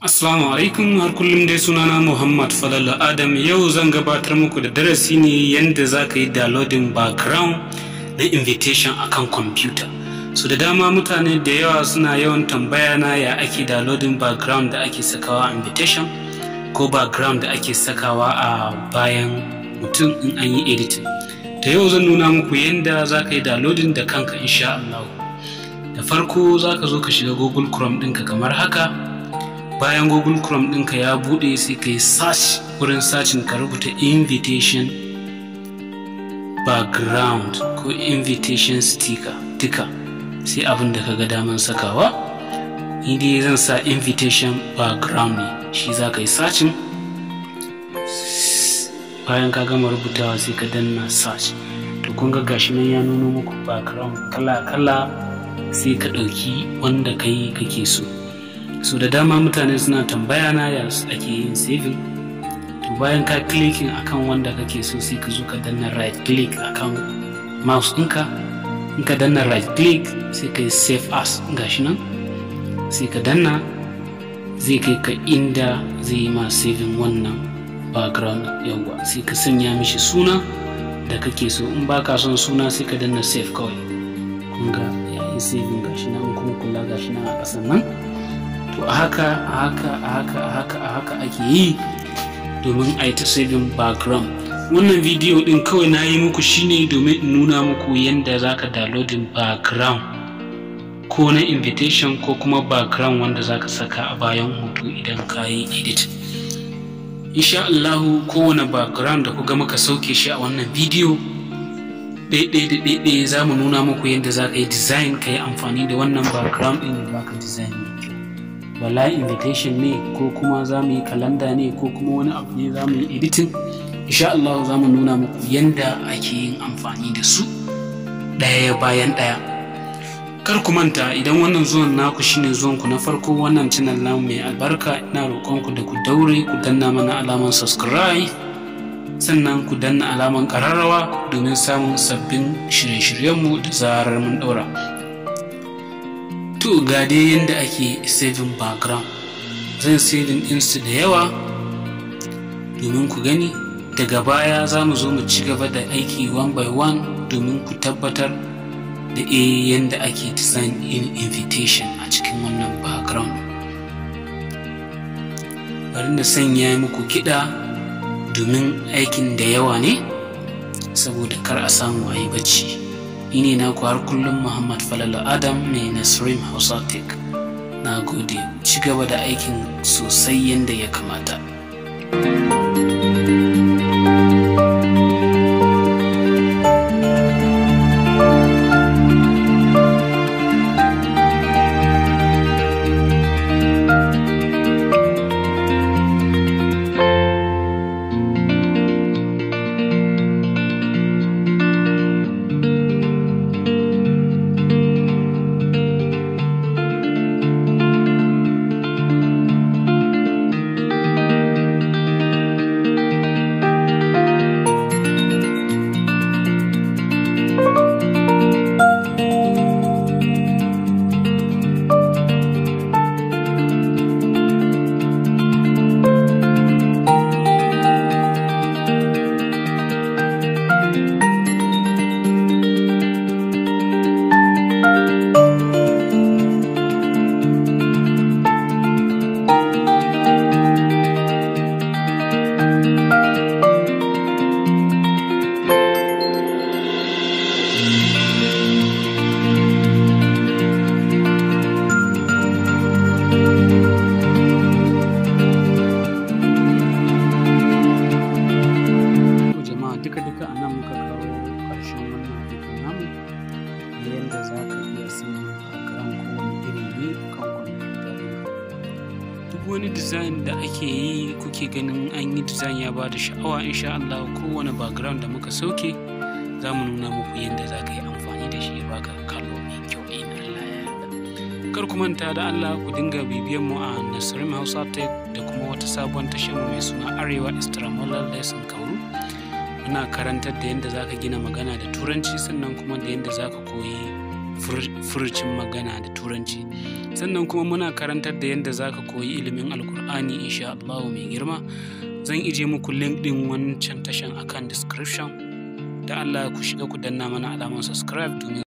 Assalamu alaikum har kullum dai sunana Muhammad Falala Adam yau zan gabatar muku da darasi ne yadda za ka yi downloading background na invitation a kan kwamfuta. So da dama mutane da yawa suna yawan tambaya na ya ake downloading background da ake sakawa a invitation ko background da ake sakawa a bayan mutum in an yi editing. Da yau zan nuna muku yadda za ka yi downloading da kanka insha Allah. Da farko za ka zo ka shiga Google Chrome ɗinka kamar haka. bayan google chrome ɗinka ya buɗe sai ka yi search wurin searching ka rubuta invitation background ko invitation sticker tika sai abin da ka ga daman sakawa ni dai zan sa invitation background ne shi za ka yi searching bayan ka gama rubutawa sai ka danna search to kun ga gashi nan ya nuno muku background kala-kala sai ka ɗauki wanda kai kake so so da dama mutane suna tambaya na ya ake yin saving to bayan ka clicking akan wanda kake so sai ka zo ka danna right click akan mouse ɗinka in ka danna right click sai ka yi save as gashi nan sai ka danna zai kai ka inda zai yi ma saving wannan background yawwa sai ka sanya mishi suna da kake so in baka son suna sai ka danna save kawai kun ga yayin saving gashi nan kuma kula gashi nan a ƙasan nan to a haka a haka a haka a haka a haka ake yi domin a yi ta saving background wannan bidiyo din kawai na yi muku shine domin in nuna muku yadda za ka downloading background ko na invitation ko kuma background wanda za ka saka a bayan hoto idan ka yi edit insha Allahu kowane background da ku ga muka sauke shi a wannan bidiyo ɗaiɗai da ɗaiɗai za mu nuna muku yadda za ka yi design ka yi amfani da wannan background ɗin da za ka design wala invitation ne ko kuma za mu yi kalanda ne ko kuma wani abu ne za mu yi editin? insha Allah za mu nuna muku yanda ake yin amfani da su ɗaya bayan ɗaya kar ku manta idan wannan zuwan naku shine zuwan ku na farko wannan channel namu mai albarka ina roƙon ku da ku daure ku danna mana alaman subscribe sannan ku danna alaman ƙararrawa domin samun sabbin shirye-shiryenmu da zarar mun ɗaura to ga dai yadda ake saving background zan saving insu da yawa domin ku gani daga baya za mu zo mu ci gaba da aiki one by one domin ku tabbatar da a eh, yadda ake design in invitation a cikin wannan background bari na sanya muku kiɗa domin aikin da yawa ne saboda kar a samu a yi bacci ni ne naku har kullum muhammad falala adam ne nasrim hausa tech na gode ci gaba da aikin sosai yadda ya kamata a nan muka kawo ƙarshen wannan video namu da yadda za ka iya sanya karan kowane irin ne kan kwamfuta duk wani design da ake yi kuke ganin an yi design ya ba da sha'awa insha Allah kowane background da muka sauke za mu nuna muku yadda za ka yi amfani da shi ya baka kallo mai kyau in eh, kar ku manta da Allah ku dinga bibiyan mu a Nasrim Hausa Tech da kuma wata sabon tashar mai suna Arewa Extramural Lesson muna karantar da yadda za ka gina magana da turanci sannan kuma da yadda za ka koyi furucin magana da turanci sannan kuma muna karantar da yadda za ka koyi ilimin alkur'ani insha Allah mai girma zan ije muku link din wancan tashan akan description da Allah ku shiga ku danna mana alamar subscribe domin